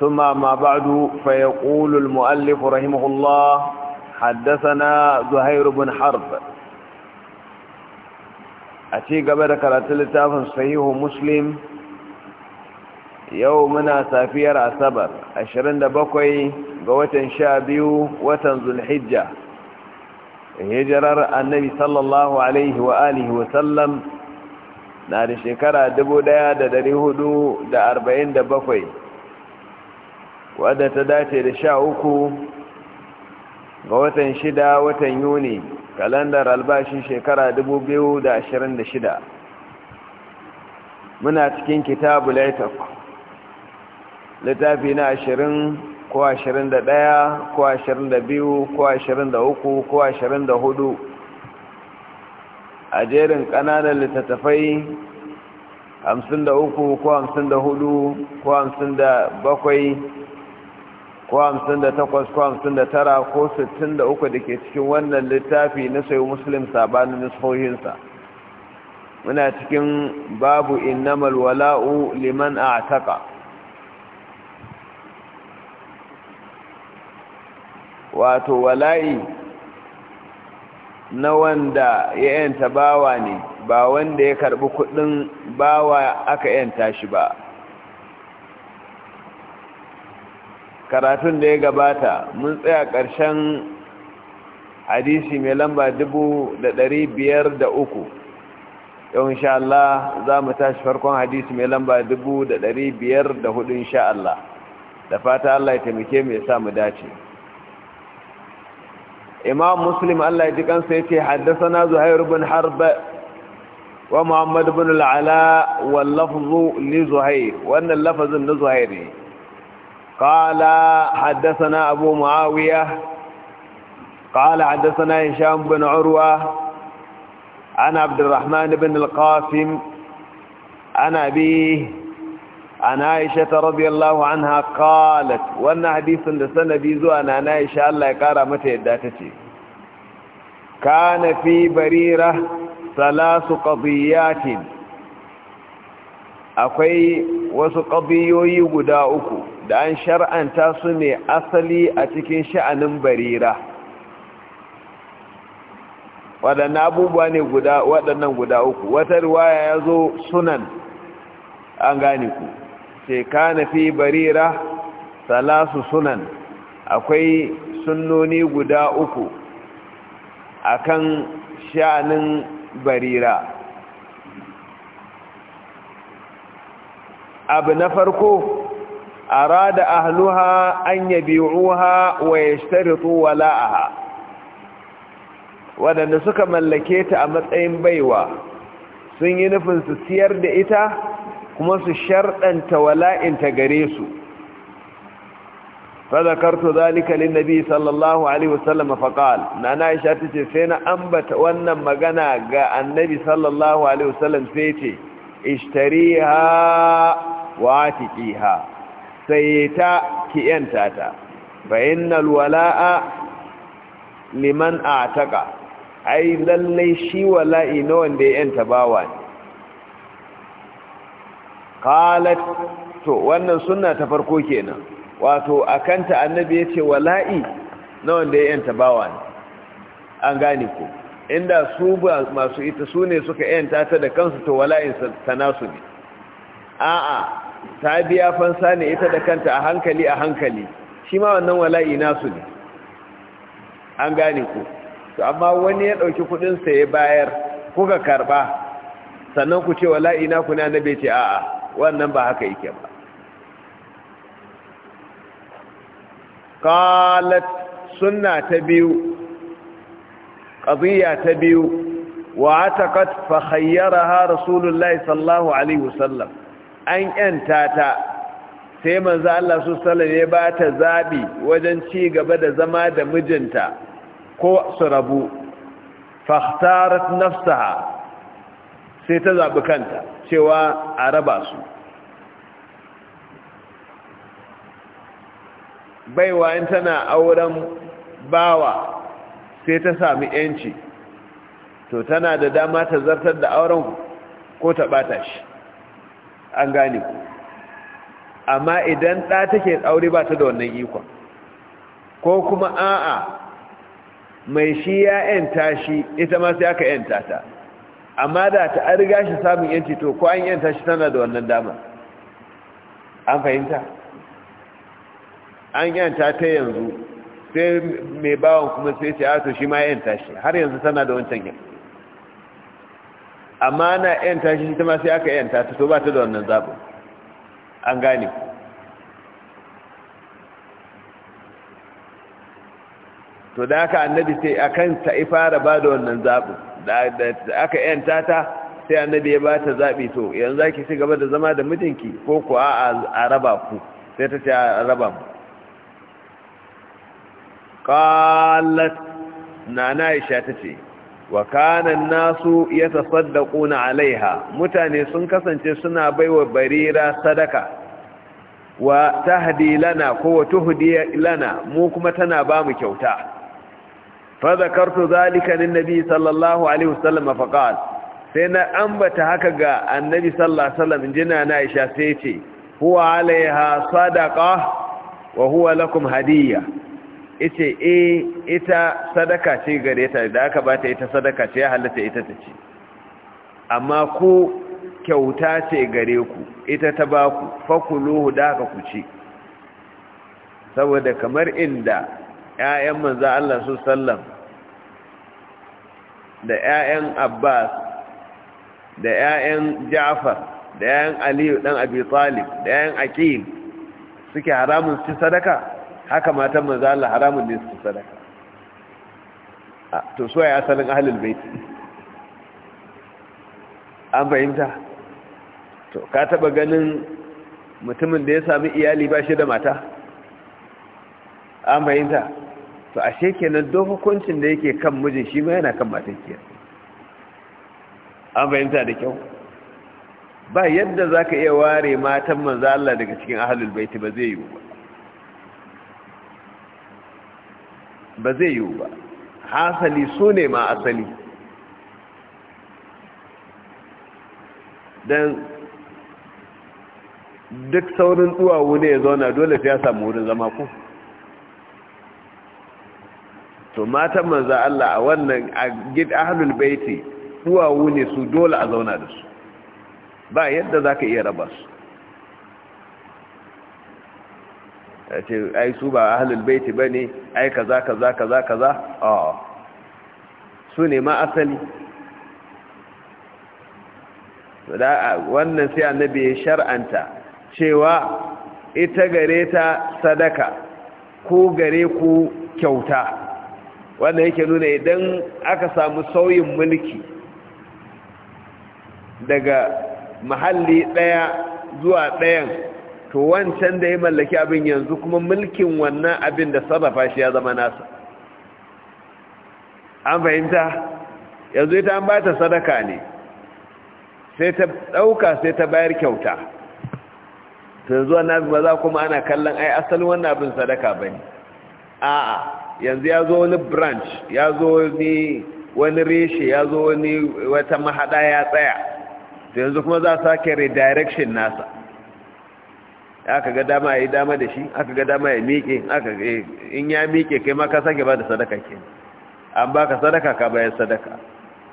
ثم ما بعد فيقول المؤلف رحمه الله حدثنا زهير بن حرب أتي قبل كراتل تافن صحيح مسلم يومنا سافير أسبر أشرين دبقوي قوة شابيو وتنزو الحجة hijirar annabi sallallahu alaihi wa alihi wa sallam na da shekara bakwai. wadda ta dace da sha uku ga watan shida watan yuni kalandar albashin shekara dubu biyu da ashirin da shida. muna cikin kitabu laitak littafi na ashirin ko ashirin da ɗaya, ko ashirin da biyu, ko ashirin da uku, ko ashirin da hudu. a jerin ƙananan littattafai hamsin da uku, ko hamsin da hudu, ko hamsin da bakwai. ko hamsin da takwas ko hamsin da tara ko sittin da uku da ke cikin wannan littafi na sai musulun sabanin nusohinsa muna cikin babu innamal wala'u liman a taƙa wato wala'i na wanda ya yanta bawa ne ba wanda ya karbi kudin bawa aka yanta shi ba karatun da ya gabata mun tsaya ƙarshen hadisi mai lamba dubu da ɗari biyar da uku yau insha Allah za mu tashi farkon hadisi mai lamba dubu da ɗari biyar da hudu insha Allah da fata Allah ya taimake mai sa mu dace imam muslim Allah ya ji kansa ya ce haddasa na zuhair bin harba wa muhammad bin al'ala wallafzu li zuhair wannan lafazin na zuhair ne قال حدثنا أبو معاوية قال حدثنا هشام بن عروة عن عبد الرحمن بن القاسم عن أبيه عن عائشة رضي الله عنها قالت وأن حديث لسنة بيزو أن عائشة الله كارمت يداتتي كان في بريرة ثلاث قضيات أخي wasu ƙabiyoyi guda uku da an shar'anta su ne asali a cikin sha'anin barira waɗannan abubuwa ne waɗannan guda uku wata riwaya ya zo sunan an gane ku sai kana fi barira salasu sunan akwai sunnoni guda uku akan sha'anin barira abu na farko arada ahluha an yabi'uha wa yashtaritu wala'aha waɗanda suka mallake ta a matsayin baiwa sun yi nufin su siyar da ita kuma su sharɗanta wala'inta gare su fadakartu zalika lin nabi sallallahu alaihi wasallam faqal nana aisha tace sai na ambata wannan magana ga annabi sallallahu alaihi wasallam sai ce ishtariha Wati kiha, sai ta ‘yanta ta fa innal wala'a liman ataka ai lalle shi wala'i na wanda yanta bawa ne qalat to wannan sunna ta farko kenan wato akanta annabi yace wala'i na wanda yanta bawa ne an gane ko inda su masu ita su ne suka yanta ta da kansu to wala'in ta nasu ne a'a ta biya fansa ne ita da kanta a hankali a hankali shi ma wannan wala'i nasu ne an gane ku to amma wani ya ɗauki kuɗinsa ya bayar kuka karɓa sannan ku ce wala'i naku na bai ce a'a wannan ba haka yake ba qalat sunna ta biyu qadiyya ta biyu wa ataqat fa khayyaraha rasulullahi sallallahu alaihi wasallam an ƴanta ta sai manzo Allah su sallallahu ya ba ta zabi wajen ci gaba da zama da mijinta ko su rabu fakhtarat nafsaha sai ta zabi kanta cewa a raba su baiwa in tana auren bawa sai ta sami yanci to tana da dama ta zartar da auren ko ta bata shi an gane ku amma idan ɗa take tsauri, ba ta da wannan ikon ko kuma a'a mai shi ya yanta shi ita ma sai aka yanta ta amma da ta an riga shi samun yanci to ko an yanta shi tana da wannan dama an fahimta an yanta ta yanzu sai mai bawan kuma sai ce a to shi ma yanta shi har yanzu tana da wancan yanzu amma ana yanta shi ta ma sai aka yanta ta to ba ta da wannan zaɓin an gane to da aka annabi sai a kanta ifara ba da wannan zaɓin da aka yanta ta sai annabi ya ba ta zaɓi to yanzu za ki ci gaba da zama da mijinki ko ku a raba ku sai ta ce a raba mu ƙalat na na isha ta ce wa kanan nasu ya tasaddaquna alaiha mutane sun kasance suna baiwa barira sadaka wa tahdi lana ko wa lana mu kuma tana ba mu kyauta fa zakartu zalika lin nabi sallallahu alaihi wasallam fa sai na ambata haka ga annabi sallallahu alaihi wasallam jina na Aisha sai ce huwa alaiha sadaqa wa huwa lakum hadiyya ita eh ita sadaka ce gare ta da aka bata ita sadaka ce ya halatta ita ta ce amma ku kyauta ce gare ku ita ta ba ku fakuluhu da aka ku ce saboda kamar inda 'ya'yan manza Allah su sallam da 'ya'yan Abbas da 'ya'yan Ja'far da 'ya'yan Aliyu ɗan Abi Talib da 'ya'yan Aqil suke haramun su sadaka haka matan manzo Allah haramun ne su sadaka to so ya asalin ahlul bait an fahimta to ka taba ganin mutumin da ya sami iyali ba shi da mata an fahimta to ashe kenan dokokuncin da yake kan mijin shi ma yana kan matan kiyar an fahimta da kyau ba yadda za ka iya ware matan manzo Allah daga cikin ahalul bait ba zai yi ba ba zai yiwu ba hasali su ne ma asali don duk saurin duwawu ne ya zauna dole ya samu wurin zama ku to matan manza Allah a wannan a gid ahalul baiti duwawu ne su dole a zauna da su ba yadda za ka iya raba su ce ai su ba ahlul baiti bane ai kaza kaza kaza kaza ah su ne ma asali wannan sai annabi ya shar'anta cewa ita gare ta sadaka ko gare ku kyauta wanda yake nuna idan aka samu sauyin mulki daga mahalli ɗaya zuwa ɗayan to wancan da ya mallaki abin yanzu kuma mulkin wannan abin da sarrafa shi ya zama nasa an fahimta yanzu ita an ba ta sadaka ne sai ta ɗauka sai ta bayar kyauta to yanzu wannan abin ba za kuma ana kallon ai asalin wannan abin sadaka ba ne a'a yanzu ya zo wani branch ya zo wani wani reshe ya zo wani wata mahaɗa ya tsaya to yanzu kuma za a sake redirection nasa aka ga dama ya yi dama da shi aka ga dama ya miƙe in ya miƙe kai ma ka sake ba da sadaka ke an baka sadaka ka bayar sadaka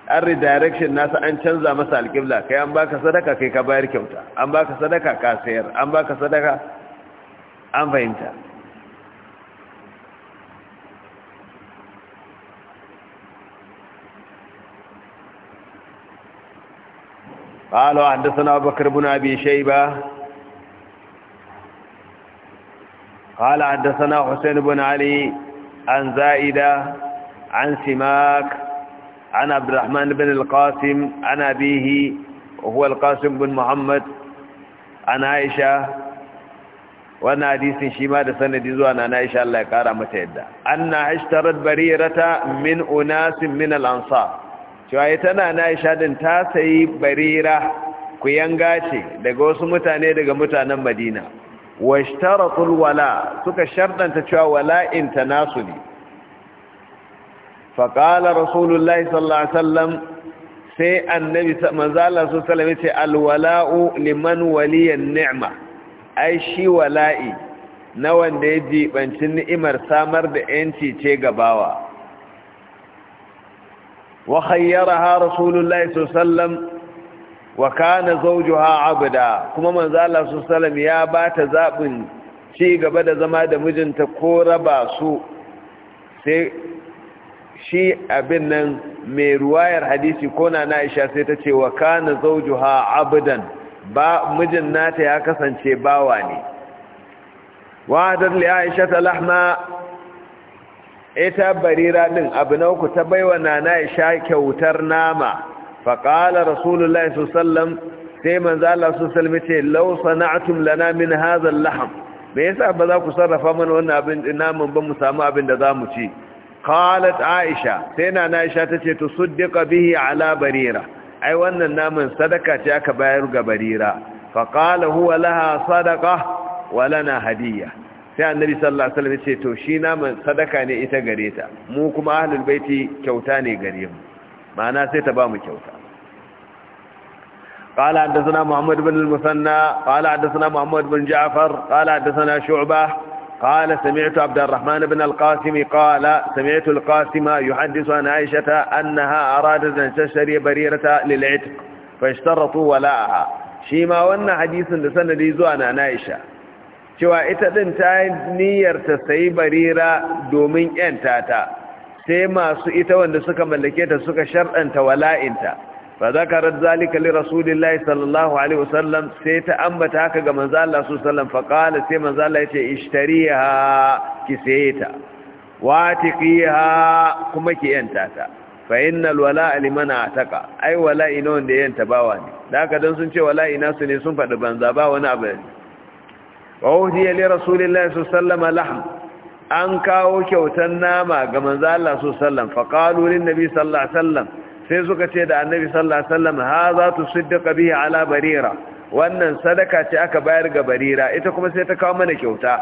an redirection nasa an canza masa alƙibla kai an baka sadaka kai ka bayar kyauta an baka sadaka ka sayar an baka sadaka an fahimta قالوا حدثنا أبو بكر بن أبي شيبة قال حدثنا حسين بن علي عن زائدة عن سماك عن عبد الرحمن بن القاسم عن أبيه وهو القاسم بن محمد عن عائشة وانا حديث شيما ده سندي زوا انا عائشة الله يقرا متى يدا ان اشترت بريرة من اناس من الانصار cewa ita na na isha din ta sayi barira ku yanga ce daga wasu mutane daga mutanen madina washtaratul wala suka shardanta cewa wala'in tanasuli faqala rasulullahi sallallahu alaihi wasallam sai annabi manzala su salame ce alwala'u liman waliyan ni'ma ai shi wala'i na wanda ya jibanci ni'imar samar da yanci ce gabawa wa khayyaraha rasulullahi sallallahu alaihi wasallam wa kana zawjuha abda kuma manzo Allah sallallahu ya bata zabin ci gaba da zama da mijinta ko raba su sai shi abin nan mai ruwayar hadisi ko na Aisha sai ta ce wa kana zawjuha abdan ba mijin nata ya kasance bawa ne wa'adar li Aisha ta lahma ita barira din abu na uku ta baiwa nana Aisha kyautar nama faƙala rasulullahi sallam sai manzo Allah sallam ce law sana'tum lana min hadha al-lahm me yasa ba za ku sarrafa mana wannan abin namun ba mu samu abin da zamu ci qalat aisha sai na aisha tace to suddiqa bihi ala barira ai wannan namun sadaka ce aka bayar ga barira faqala huwa laha sadaqa wa lana hadiyya sai annabi sallallahu alaihi wasallam to shi namun sadaka ne ita gare ta mu kuma ahlul baiti kyauta ne gare mu ma'ana sai ta ba mu kyauta قال حدثنا محمد بن المثنى قال حدثنا محمد بن جعفر قال حدثنا شعبة قال سمعت عبد الرحمن بن القاسم قال سمعت القاسم يحدث عن عائشة أنها أرادت أن تشتري بريرة للعتق فاشترطوا ولاءها شيما وانا حديث لسنة ديزو عن عائشة شوى إتدن تاين نير تسعي بريرة دومين أنتاتا sai masu ita wanda suka mallake ta suka shar'anta wala'inta fa zakarat zalika li rasulillahi sallallahu alaihi wasallam sai ta ambata haka ga manzo Allah sallallahu alaihi wasallam fa qala sai manzo Allah yace ishtariha kisayta watiqiha kuma ki yanta ta fa innal wala'a liman ataka ai wala'i ne wanda yanta bawa ne da ka dan sun ce wala'i nasu ne sun faɗi banza ba wani abu wa uhiya li rasulillahi sallallahu alaihi wasallam an kawo kyautan nama ga manzo Allah su sallam fa qalu lin nabi sallallahu alaihi sai suka ce da annabi sallallahu alaihi wasallam hadha tusaddaqa bihi ala barira wannan sadaka ce aka bayar ga barira ita kuma sai ta kawo mana kyauta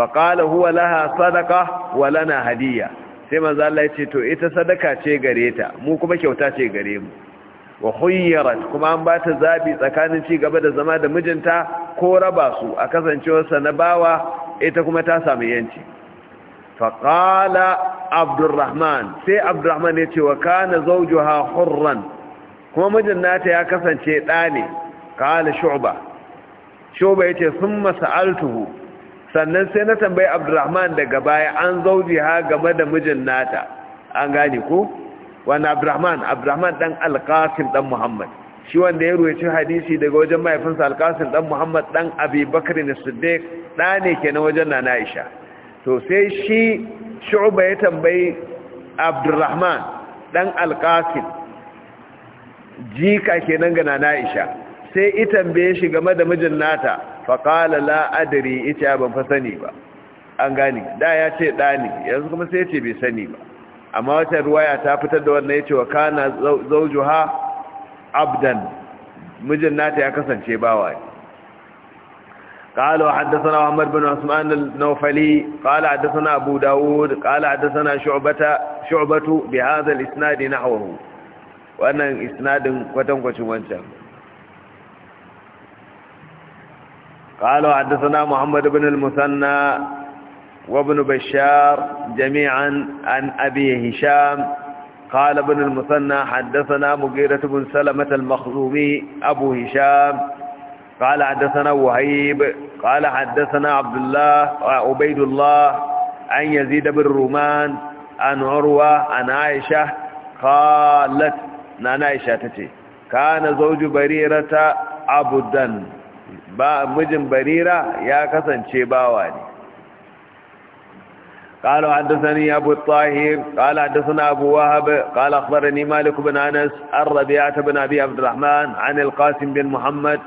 fa qala huwa laha sadaqa wa lana hadiya sai manzo Allah ya to ita sadaka ce gare ta mu kuma kyauta ce gare mu wa kuma an ba ta zabi tsakanin ci gaba da zama da mijinta ko raba su a kasancewarsa na bawa ita kuma ta samu yanci faƙala abdurrahman sai abdurrahman ya ce wa kana zaujuha hurran kuma mijin nata ya kasance ɗa ne ƙala shu'ba shu'ba ya ce sun masa'altuhu sannan sai na tambayi abdurrahman daga baya an zauji ha game da mijin nata an gane ko wani abdurrahman abdurrahman ɗan alƙasim ɗan muhammad shi wanda ya ruwaci hadisi daga wajen mahaifinsa alƙasim ɗan muhammad ɗan abubakar ne siddiq ɗa ne ke na wajen na na'isha to sai shi shu'ba ya tambayi abdurrahman dan alqasim jika kenan ga nana aisha sai i tambaye shi game da mijin nata faqala la adri ita ban fa sani ba an gani da ya ce dani yanzu kuma sai ya ce bai sani ba amma wata ruwaya ta fitar da wannan yace wa kana zawjuha abdan mijin nata ya kasance bawa ne قال وحدثنا عمر بن عثمان النوفلي قال حدثنا أبو داود قال حدثنا شعبة شعبة بهذا الإسناد نحوه وأن إسناد وتنقش وانشا قال وحدثنا محمد بن المثنى وابن بشار جميعا عن أبي هشام قال ابن المثنى حدثنا مغيرة بن سلمة المخزومي أبو هشام قال حدثنا وهيب قال حدثنا عبد الله آه، عبيد الله عن يزيد بن رومان عن عروة عن عائشة قالت نانا نعم، عائشة تتي كان زوج بريرة عبدا ba بريرة يا كسن kasance bawa قالوا قال حدثني أبو الطاهر قال حدثنا أبو وهب قال أخبرني مالك بن أنس الربيعة بن أبي عبد الرحمن عن القاسم بن محمد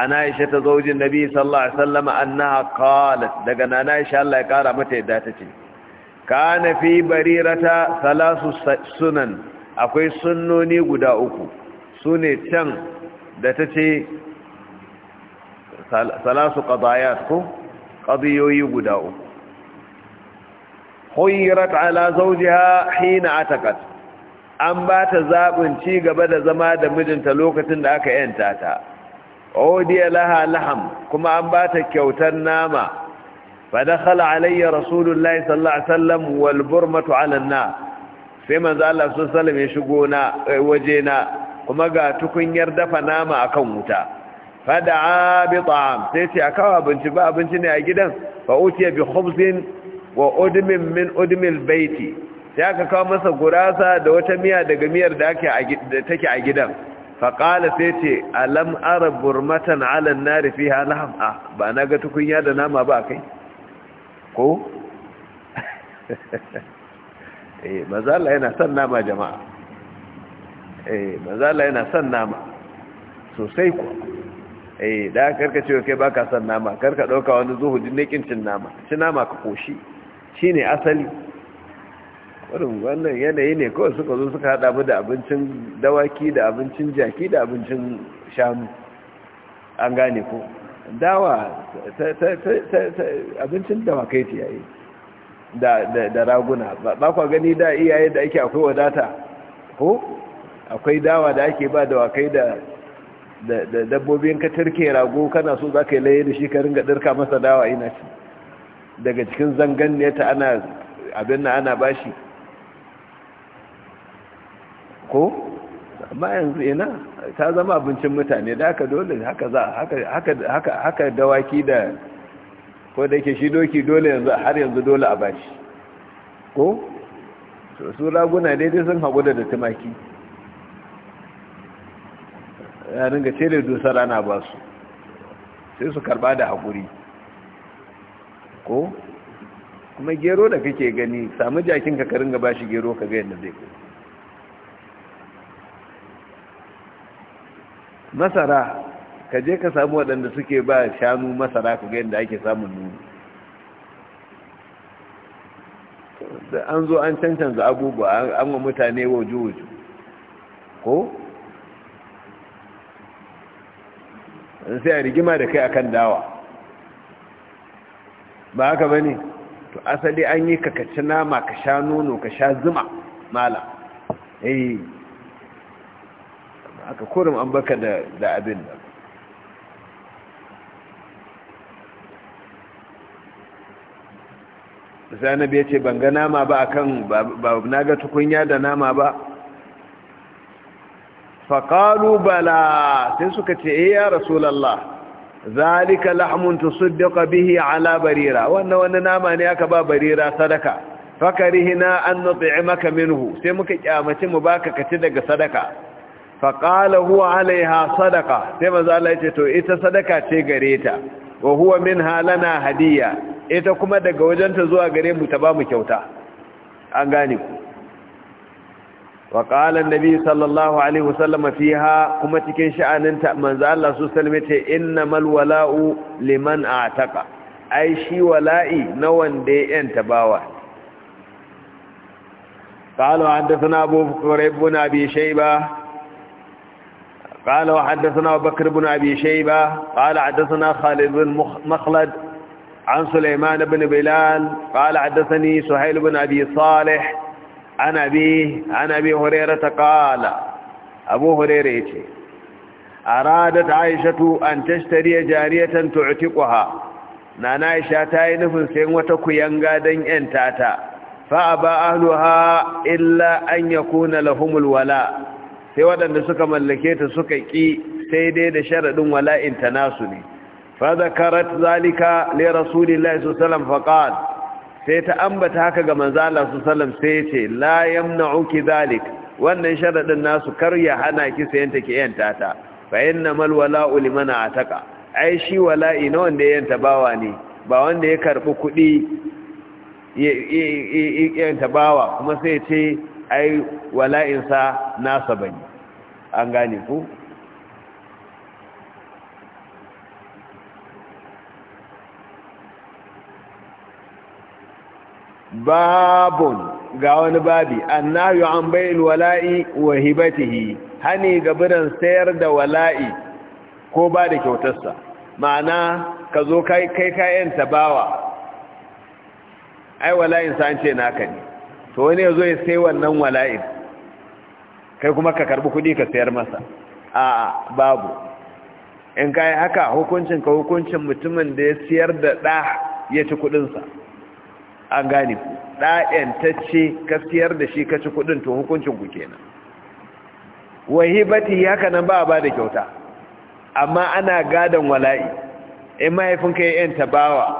Ana aisha ta zaujin nabi sallallahu alaihi wasallam annaha qalat daga nana aisha Allah ya kara mata yadda ta ce kana fi barirata salasu sunan akwai sunnoni guda uku sune can da ta ce salasu qadayat ko qadiyoyi guda uku khuyrat ala zauji zawjiha hina ataqat an ba ta zaɓin ci gaba da zama da mijinta lokacin da aka yanta ta odiya laha laham kuma an ba ta kyautar nama fa dakhala alayya rasulullahi sallallahu alaihi wasallam wal burmatu ala na. sai manzo Allah sallallahu alaihi ya shigo na eh, waje na kuma ga tukunyar dafa nama akan wuta fada'a bi ta'am sai ce akawa abinci ba abinci ne a gidan fa utiya bi khubzin wa udmin min udmil baiti sai aka kawo masa gurasa da wata miya daga miyar da take a gidan faƙala sai ce alam ara burmatan alan nari fi halaham a ah, ba na ga tukunya da nama ba kai ko? eh mazala yana son nama jama'a eh mazala yana son nama sosai ku. eh da karka ce kai baka son nama karka ɗauka wani zuhudin nekin cin nama ci nama ka koshi shi ne asali wadda wannan yanayi ne kawai suka zo suka haɗa mu da abincin dawaki da abincin jaki da abincin shanu an gane ko dawa abincin dawakai ce yayi da raguna ba kwa gani da iyaye da ake akwai wadata ko akwai dawa da ake ba dawakai da dabbobin ka turke rago kana so za ka yi laye da shi ka ringa dirka masa dawa ina ce daga cikin zangan ne ta ana abin na ana bashi ko amma yanzu ina ta zama abincin mutane da haka dole haka za haka dawaki da ko da yake shi doki dole yanzu har yanzu dole a bashi ko su raguna daidai sun hagu da tumaki ya ringa cire dusar ana ba su sai su karba da haƙuri ko kuma gero da kake gani samu jakin ka ringa bashi gero ka ga yadda zai ko masara ka je ka samu waɗanda suke ba shanu masara ku ga yadda ake samun nuni da an zo an cancanza abubuwa an wa mutane waje-waje ko sai a rigima da kai akan dawa ba haka ba ne to asali an yi ka kaci nama ka sha nono ka sha zuma mala eh aka kurin an baka da abin da zainab ya ce ban ga nama ba akan ba na ga tukunya da nama ba faƙalu bala sai suka ce e ya rasulallah zalika lahmun tusaddaqa bihi ala barira wannan wani nama ne aka ba barira sadaka fakarihina an maka minhu sai muka kyamace mu baka kaci daga sadaka faƙala huwa alaiha sadaka sai maza ce to ita sadaka ce gare ta wa huwa min halana hadiya ita kuma daga wajenta zuwa gare mu ta ba mu kyauta an gane ku wa ƙala nabi sallallahu alaihi wasallam fiha kuma cikin sha'aninta manzo Allah su salme ce innamal wala'u liman ataka ai shi wala'i na wanda ya yanta bawa قالوا حدثنا أبو كريب بن أبي شيبة قال وحدثنا بكر بن أبي شيبة قال حدثنا خالد بن مخلد عن سليمان بن بلال قال حدثني سهيل بن أبي صالح عن أبيه عن أبي هريرة قال أبو هريرة أرادت عائشة أن تشتري جارية تعتقها نانا عائشة تاين في وتكينغا دين انتاتا فأبى أهلها إلا أن يكون لهم الولاء sai waɗanda suka mallake ta suka ƙi sai dai da sharaɗin wala'in ta nasu ne fazakarat zalika li rasulillahi sallallahu sai ta ambata haka ga Manzala Allah sai sai ce layan yamna'uki zalik wannan sharaɗin nasu kar ya hana ki sayanta ki yanta ta fa innamal wala'u a taƙa. ai shi wala'i na wanda yanta bawa ne ba wanda ya karɓi kuɗi yanta bawa kuma sai ce ai wala'insa nasa bane an gane ku babun ga wani babi annahu an bayin wala'i wa hibatihi hani birin sayar da wala'i ko ba da kyautarsa ma'ana ka zo kai kayan tabawa ai wala'in an ce naka ne to wani ya zo ya sai wannan wala'in kai kuma ka karbi kudi ka sayar masa a babu in ka yi haka hukuncin ka hukuncin mutumin da ya siyar da ɗa ya ci kudinsa an gane ɗa'yantacce ka siyar da shi ka ci kudin to hukuncin ku kenan bati haka nan ba a ba da kyauta amma ana gadon wala'i in mahaifinka ya yanta bawa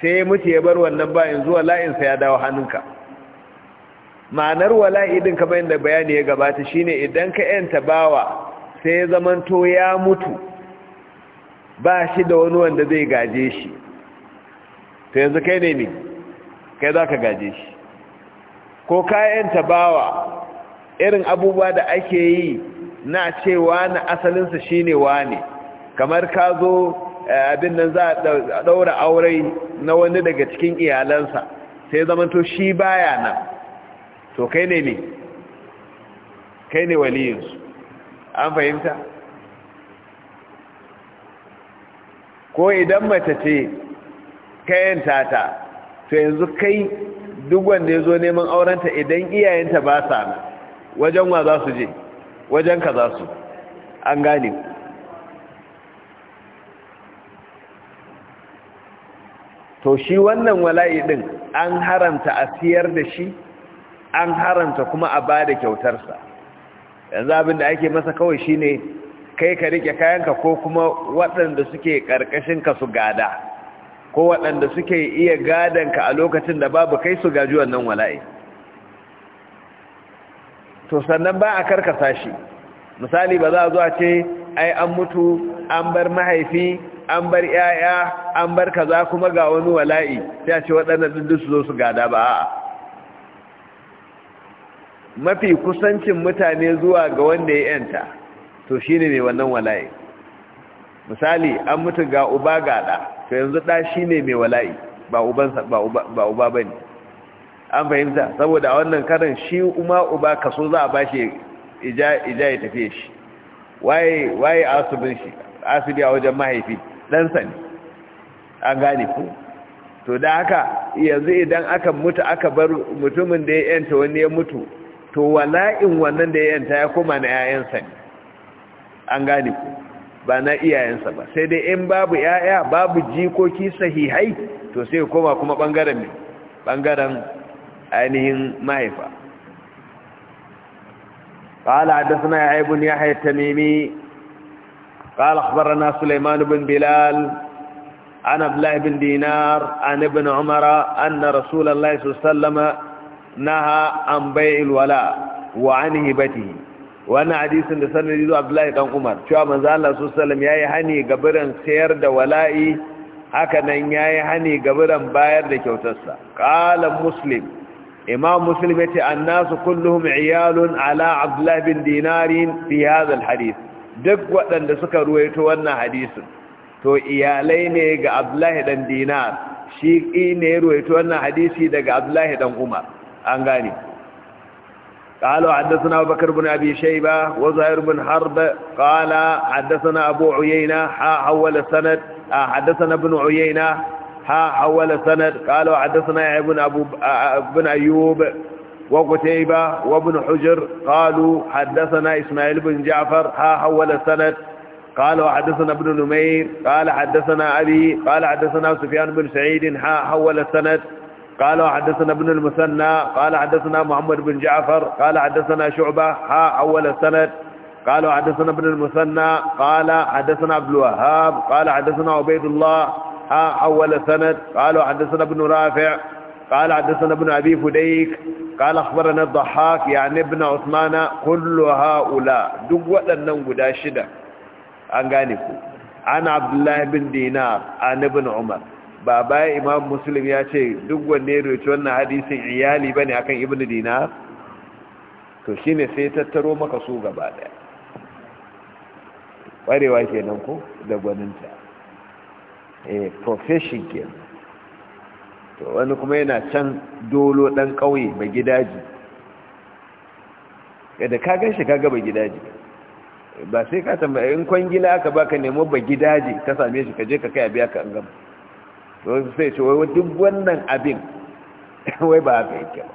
sai ya mutu ya bar wannan bayan zuwa la'insa ya dawo hannunka ma'anar wala'i din kamar yadda bayani ya gabata shine idan ka yanta bawa sai ya zamanto ya mutu ba shi da wani wanda zai gaje shi to yanzu kai ne ne kai za ka gaje shi ko ka yanta bawa irin abubuwa da ake yi na cewa na asalinsa shine wane kamar ka zo eh, abin nan za a daura aure na wani daga cikin iyalansa sai zamanto shi baya nan to kai ne ne kai ne waliyinsu an fahimta ko idan mace ce kayanta ta to yanzu kai duk wanda ya zo neman aurenta idan iyayenta ba sa wajen wa za su je wajen ka za su an gane to shi wannan wala'i din an haramta a siyar da shi an haramta kuma a ba da kyautarsa yanzu abin da ake masa kawai shi ne, kai ka rike kayanka ko kuma waɗanda suke ƙarƙashinka su gada ko waɗanda suke iya gadanka a lokacin da babu kai su gaji wannan wala'i to sannan ba a karkasa shi misali ba za a zuwa ce ai an mutu an bar mahaifi an bar yaya an bar kaza kuma ga wani wala'i sai a ce waɗannan dindin su zo su gada ba a'a mafi kusancin mutane zuwa ga wanda ya yanta to shine mai wannan wala'i misali an mutu ga uba ga da to yanzu da shine mai wala'i ba ubansa ba uba ba ne bane an fahimta saboda wannan karin shi uma uba kaso za a bashi ija ija ya tafi shi waye waye asubin shi asibi a wajen mahaifi dan sani an gane ku. to da haka yanzu idan aka mutu aka bar mutumin da ya yanta wani ya mutu to wala'in wannan da ya yanta ya kuma na ‘ya’yansa an gani ku ba na ba sai dai in babu ‘ya’ya babu jikoki sahihai to sai kuma kuma ɓangaren mai ainihin mahaifa ƙala da suna ya haibun ya haita nemi ƙala ƙabar suleiman bin bilal an abu la'ibin dinar an ibin umara an na rasulallah naha an bai'il wala wa an hibatihi wannan hadisin da sanadi zuwa Abdullahi dan Umar cewa manzo Allah sallallahu alaihi yayi hani biran sayar da wala'i haka nan yayi hani ga biran bayar da kyautarsa qala muslim imam muslim yace annasu kulluhum iyalun ala Abdullah bin dinarin fi hadha alhadith duk waɗanda suka ruwaito wannan hadisin to iyalai ne ga Abdullahi dan dinar shi ne ruwaito wannan hadisi daga Abdullahi dan Umar an gane قالوا حدثنا أبو بكر بن أبي شيبة وزهير بن حرب قال حدثنا أبو عيينة ها حول السند حدثنا ابن عيينة ها حول السند قالوا حدثنا ابن أبو آه، آه، بن أيوب وقتيبة وابن حجر قالوا حدثنا إسماعيل بن جعفر ها حول السند قالوا حدثنا ابن نمير قال حدثنا أبي قال حدثنا سفيان بن سعيد ها حول السند قال حدثنا ابن المثنى قال حدثنا محمد بن جعفر قال حدثنا شعبة ها أول سند قال حدثنا ابن المثنى قال حدثنا عبد الوهاب قال حدثنا عبيد الله ها أول سند قال حدثنا ابن رافع قال حدثنا ابن أبي فديك قال أخبرنا الضحاك يعني ابن عثمان كل هؤلاء دقوة لننقو داشدة أنقانكو عن عبد الله بن دينار عن ابن عمر ba bayan imam muslim ya ce duk wanda ya roci wannan hadisin iyali ba a akan ibnu dina to ne sai tattaro maka su gaba daya kwarewa nan ko da gwaninta Profeshin profession kenan to wani kuma yana can dolo dan kauye mai gidaji yadda ka gan shi ka gaba gidaji ba sai ka tambayin kwangila aka baka nemo ba gidaji ka same shi ka je ka kai a biya ka an gaba to sai ce wai duk wannan abin wai ba haka yake ba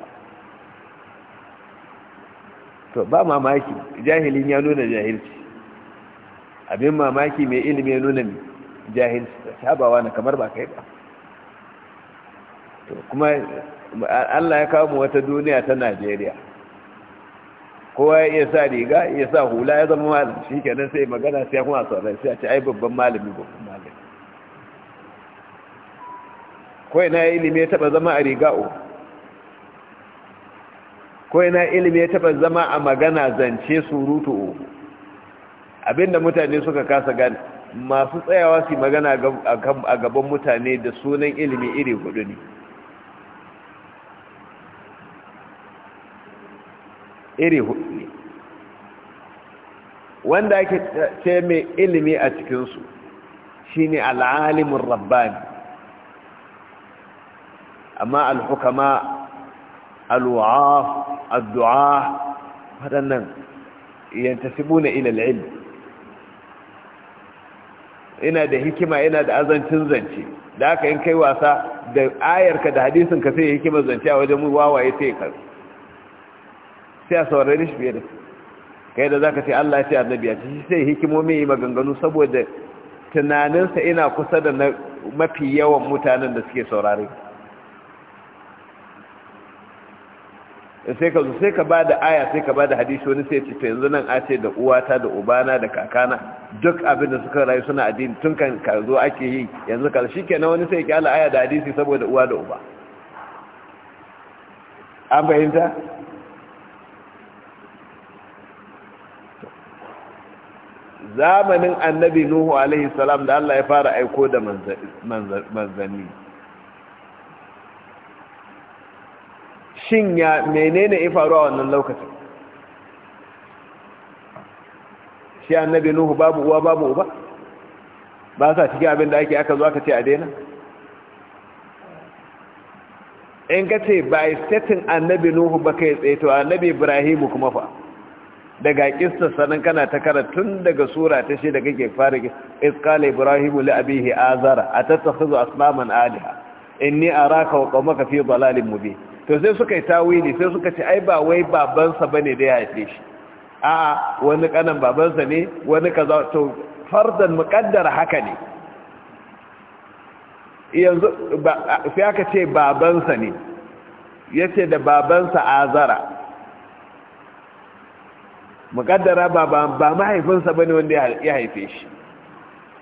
to ba mamaki jahilin ya nuna jahilci abin mamaki mai ilimi ya nuna jahilci sabawa na kamar ba kai ba to kuma Allah ya kawo mu wata duniya ta Najeriya kowa ya iya sa riga ya sa hula ya zama malam shi kenan sai magana sai kuma sauran sai a ce ai babban malami babban malami kawai na ilimi ya taba zama a riga'u kawai na ilimi ya taba zama a magana zance surutu abinda mutane suka kasa gane masu tsayawa su magana a gaban mutane da sunan ilimi iri hudu ne iri hudu ne wanda ake ce mai ilimi a cikinsu shi ne al'alimin rabbani amma alhukama alwa'af addu'a waɗannan yantasibuna ila al-ilm ina da hikima ina da azancin zance da haka in kai wasa da ayarka da hadisin ka sai hikima zance a wajen wawaye sai ya sai a saurari shi fiye da su kai da zaka ce Allah ya ce annabi ya ce sai hikimomi yi maganganu saboda tunaninsa ina kusa da mafi yawan mutanen da suke saurari sai ka zo sai ka ba da aya sai ka ba da hadisi wani sai ce to yanzu nan a ce da uwata da ubana da kakana duk abin da suka rayu suna addini tun kan ka zo ake yi yanzu ka shi kenan wani sai kyala aya da hadisi saboda uwa da uba an fahimta zamanin annabi nuhu alaihi salam da Allah ya fara aiko da manzanni shin ya menene ya faru a wannan lokacin shi annabi nuhu babu uwa babu uba ba sa cikin abin da ake aka zo aka ce a daina in ka ce ba a setin annabi nuhu ba kai tsaye to annabi ibrahimu kuma fa daga kista sanan kana ta karatun daga sura ta shi da ke fara iskala ibrahimu la'abihi azara a zuwa asnaman aliha inni araka wa qaumaka fi dhalalin mubin to sai suka yi tawili sai suka ce ai ba wai babansa bane da ya haife shi a wani kanan babansa ne wani kaza to fardan muqaddar haka ne yanzu sai aka ce babansa ne yace da babansa azara muqaddara ba ba mahaifinsa bane wanda ya haife shi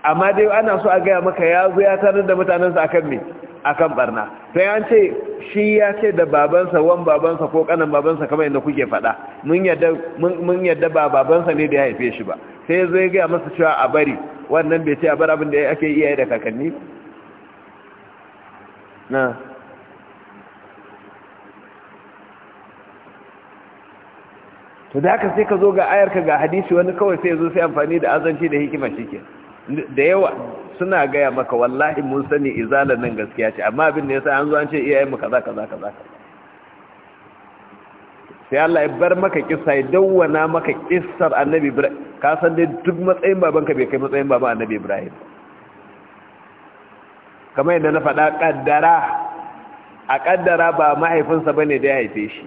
amma dai ana so a ga maka yazo ya tarar da mutanansa akan me akan barna sai an ce shi ya ce da babansa wan babansa ko kanan babansa kamar yadda kuke fada mun yadda ba babansa ne da ya haife shi ba sai zai gaya masa cewa a bari wannan bai ce a bar abin da ake iyaye da kakanni na to da haka sai ka zo ga ayarka ga hadisi wani kawai sai ya zo sai amfani da azanci da hikima shi da yawa suna gaya maka wallahi mun sani izalar nan gaskiya ce amma abin da yasa an zo an ce iyayen mu kaza kaza kaza sai Allah ya bar maka kissa ya dawwana maka kissar Annabi Ibrahim ka san dai duk matsayin babanka bai kai matsayin baban Annabi Ibrahim kamar yadda na faɗa kaddara a kaddara ba mahaifinsa bane da ya haife shi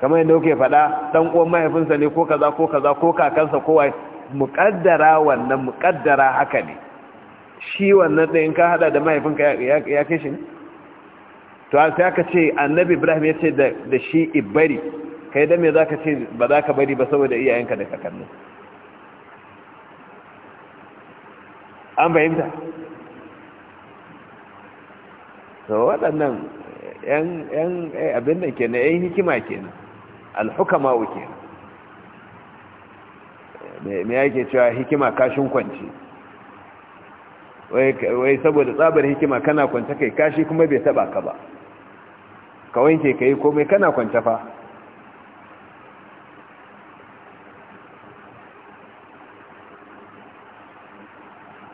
kamar yadda kuke faɗa dan uwan mahaifinsa ne ko kaza ko kaza ko kakansa ko wai muƙaddara wannan muƙaddara haka ne shi wannan ɗin ka hada da mahaifinka ya kai ne to a sai aka ce annabi ibrahim ya ce da shi ibari kai yi za ka ce ba za ka bari ba saboda iyayenka da kakannin an fahimta so waɗannan yan eh, abin da ke na yan hikima ke na alhukama na me yake cewa hikima kashin kwance wai saboda tsabar hikima kana kwance kai kashi kuma bai taba ka ba ka wanke ka yi komai kana kwance fa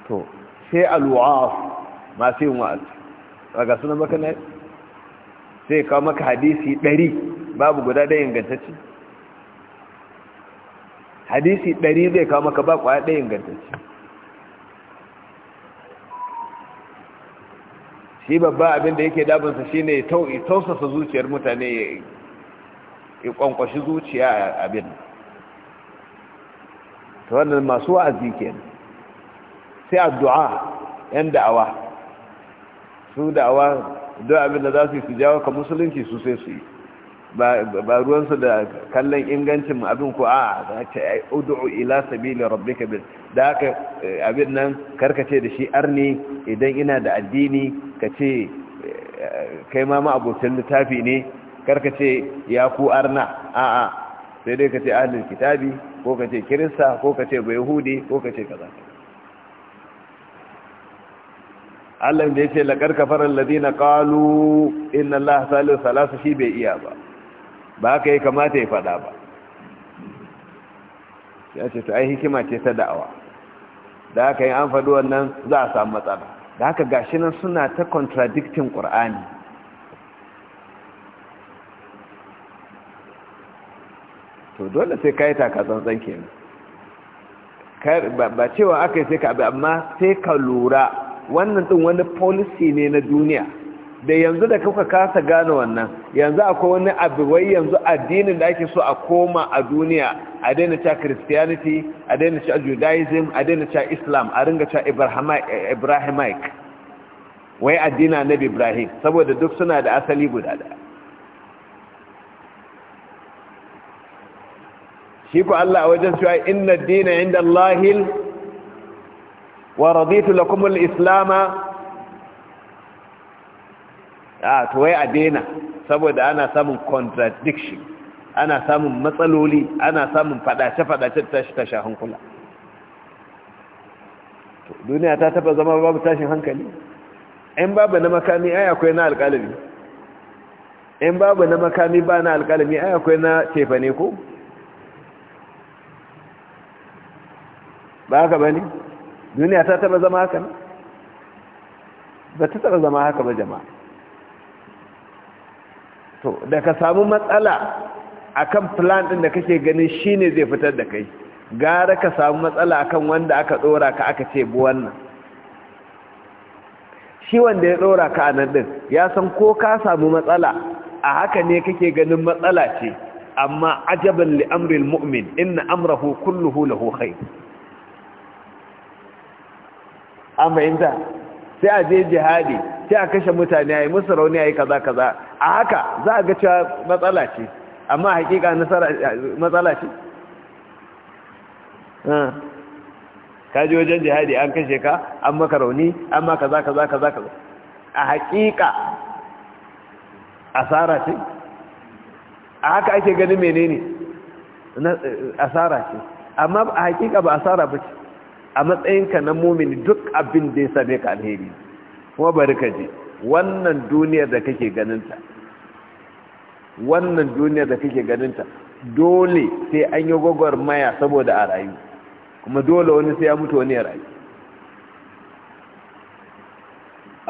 to sai alwa'af masu yin wa'azi daga suna maka na sai kawo maka hadisi ɗari babu guda ɗaya ingantacci hadisi ɗari zai kawo maka ba kwaya ɗaya ingantacce shi babba abin da yake dabinsa shi ne tausasa zuciyar mutane ya kwankwashi zuciya abin ta wannan masu wa'azi ke sai addu'a yan da'awa su da'awa don abin da za su yi su jawo ka musulunci su sai su yi ba ruwansu da kallon ingancin abin ko a za ta yi udu'u ila sabili rabbika bil da haka eh, abin nan karkace da shi arni idan ina da addini ka ce eh, kai ma ma abokin littafi ne karkace ya ku arna a a sai dai ka ce kitabi ko ka ce kirista ko ka ce ko ka ce kaza Allah da ya ce la kafarar ladina ƙalu inna Allah salisu salasu shi bai iya ba ba ka yi kamata ya faɗa ba ya ce ta ai hikima ce ta da'awa da haka yi an faɗi wannan za a samu matsala da haka gashi nan suna ta contradicting ƙur'ani to dole sai ka yi takatsantsan ne ba cewa aka yi sai ka abu amma sai ka lura wannan ɗin wani policy ne na duniya da yanzu da kuka kasa gane wannan yanzu akwai wani abu wai yanzu addinin da ake so a koma a duniya a daina cewa christianity a daina cewa judaism a daina cewa islam a ringa cewa ibrahimic wai addina na ibrahim saboda duk suna da asali guda daya shi ku Allah wajen cewa inna ad 'inda Allahil wa raditu lakum al-islama a ah, to wai a daina saboda ana samun contradiction ana samun matsaloli ana samun fadace-fadace tashi tashin hankula duniya ta taba zama babu tashin hankali in babu na makami ai akwai na alƙalami in babu na makami ba na alƙalami ai akwai na cefane ko ba haka ba ne duniya ta taba zama haka ba ta taba zama haka ba jama'a so da ka samu matsala akan plan ɗin da kake ganin shine zai fitar da kai gara ka samu matsala akan wanda aka dora ka aka ce bu wannan shi wanda ya dora ka a nan din ya san ko ka samu matsala a haka ne kake ganin matsala ce amma ajaban li amril mu'min inna amrahu kulluhu lahu khair amma sai a je jihadi sai a kashe mutane a yi musu rauni a yi kaza kaza a haka za a ga cewa matsala ce amma hakika nasara matsala ce ka ji wajen jihadi an kashe ka an maka rauni an maka za ka za ka za ka a hakika asara ce a haka ake ganin menene eh, asara ce amma a hakika ba asara ba ce a matsayinka na mumini duk abin da ya same ka alheri kuma bari ka je wannan duniyar da kake ganinta wannan duniyar da kake ganinta dole sai an yi gwagwar maya saboda a rayu kuma dole wani sai ya mutu wani ya rayu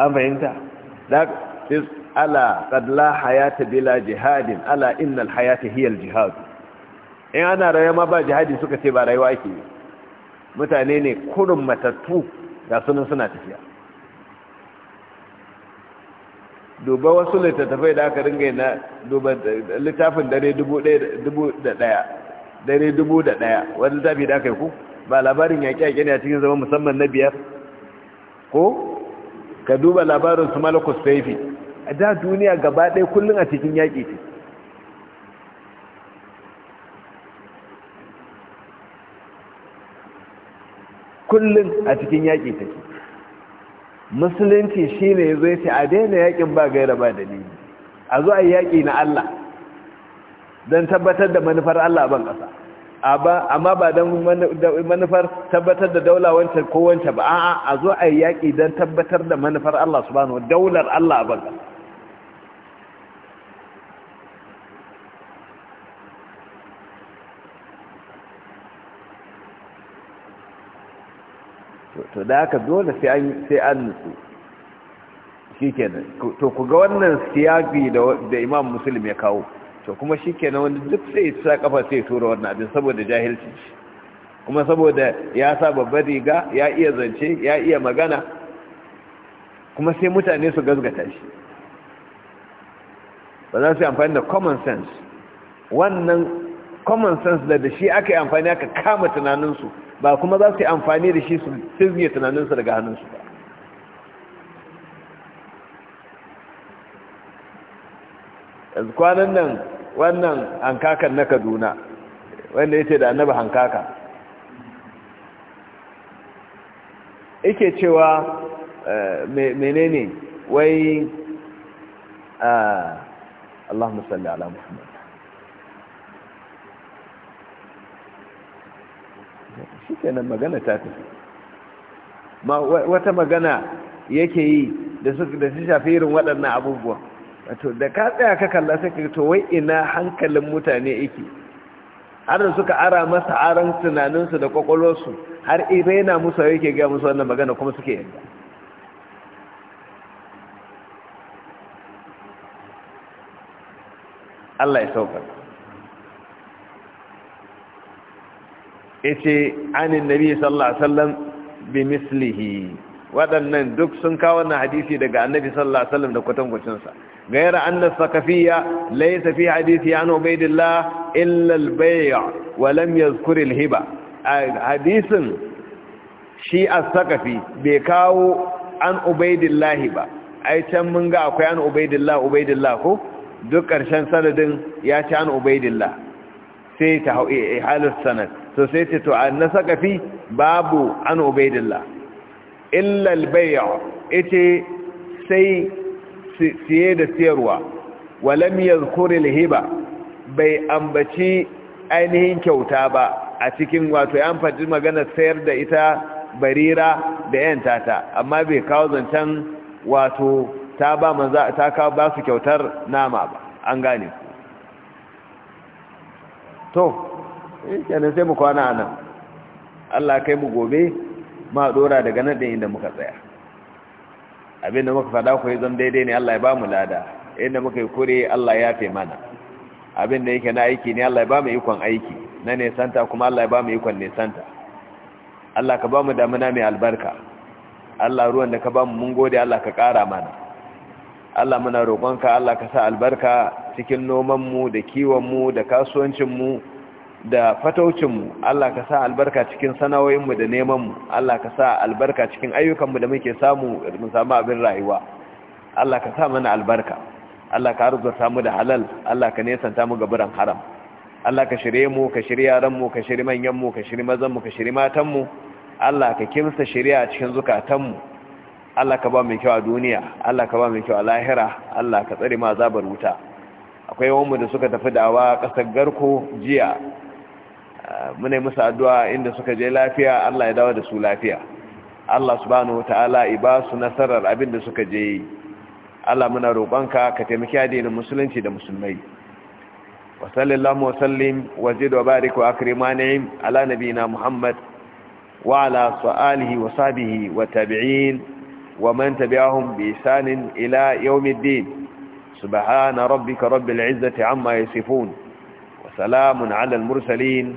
an fahimta ala kadla hayata bila jihadin ala innal hayata hiyar jihadu in ana rayuwa ma ba jihadi suka ce ba rayuwa ake yi mutane ne kurin matattu ga sunan suna tafiya duba wasu littattafai da aka ringa na duba littafin dare dubu daya dare dubu da daya wani littafi da aka yi ku ba labarin yaƙi yaƙi ne a cikin zama musamman na biyar ko ka duba labarin su malakus taifi a da duniya gaba ɗaya kullum a cikin yaƙi ce kullum a cikin yaƙi take musulunci shi ne zai ce a daina yaƙin ba gaira ba dalili a zo a yaƙi na Allah don tabbatar da manufar Allah ban ƙasa amma ba don manufar tabbatar da daula wancan ko ba a a zo a yaƙi don tabbatar da manufar Allah su subhanahu daular Allah ban ƙasa to da aka dole sai an sai an nutsu shikenan to ku ga wannan siyafi da da Imam Muslim ya kawo to kuma shikenan wanda duk sai ya sa kafa sai tura wannan abin saboda jahilci kuma saboda ya sa babbar riga ya iya zance ya iya magana kuma sai mutane su gazgata shi ba za su yi amfani da common sense wannan common sense da da shi aka yi amfani aka kama tunaninsu ba kuma za su yi amfani da shi su fizge tunaninsu daga hannunsu ba yanzu kwanan nan wannan hankakan na kaduna wanda ya ce da annaba hankaka ike cewa eh, menene wai ah, Allahumma salli ala Muhammad shi kenan magana ta tafi wata magana yake yi da su shafi irin waɗannan abubuwa wato da ka tsaya ka kalla sai to wai ina hankalin mutane yake har suka ara masa aran tunaninsu da su, har irena musu yake ga musu wannan magana kuma suke yadda Allah ya sauka. yace anin nabi sallallahu alaihi wasallam bi mislihi waɗannan duk sun kawo wannan hadisi daga annabi sallallahu alaihi wasallam da kwatankwacin sa غير أن الثقفية ليس في حديث عن عبيد الله إلا البيع ولم يذكر الهبة حديث shi as-sakafi bai kawo an ubaidillahi ba ai can mun ga akwai an ubaidillah ubaidillah ko duk ƙarshen sanadin ya ci an ubaidillah sai ta eh, eh, halin sanad so sai ce to an nasaka fi babu an ubaidillah illa albay' ite sai siye da siyarwa lam yadhkur alhiba bai ambaci ainihin kyauta ba a cikin wato 'yan fadi magana sayar da ita barira da yanta ta amma bai kawo zancen wato ta ba manza ta kawo ba su kyautar nama ba an gane to kenan sai mu kwana a nan allah kai mu gobe ma dora daga nan ɗin inda muka tsaya abin da muka faɗa ku yi zan daidai ne allah ya ba mu lada inda muka yi kure allah ya fe mana abin da yake na aiki ne allah ya ba mu ikon aiki na nesanta kuma allah ya ba mu ikon nesanta allah ka ba mu damuna mai albarka allah ruwan da ka ba mu mun gode allah ka ƙara mana allah muna roƙonka allah ka sa albarka cikin nomanmu da kiwon mu da kasuwancin mu. da fataucinmu Allah ka sa albarka cikin sana'o'inmu da nemanmu Allah ka sa albarka cikin ayyukanmu da muke samu mu samu abin rayuwa Allah ka sa mana albarka Allah ka arzuta mu da halal Allah ka nesanta mu gaburan haram Allah ka shirye mu ka shirye yaranmu ka shirye mu ka shirye mazanmu ka shirye matanmu Allah ka kimsa shari'a a cikin zukatanmu Allah ka ba mu kyau a duniya Allah ka ba mu kyau a lahira Allah ka tsare mu azabar wuta akwai wanda suka tafi dawa kasar garko jiya muna musu addu'a inda suka je lafiya Allah ya dawo da su lafiya Allah subhanahu wataala ya ba su nasarar abin da suka je Allah muna roƙonka ka taimaki addinin musulunci da musulmai wa sallallahu wa sallim wa zid wa barik wa akrim ala nabina Muhammad wa ala alihi wa sabihi wa tabi'in wa man tabi'ahum bi ihsan ila yawmiddin subhana rabbika rabbil izzati amma yasifun wa salamun ala al mursalin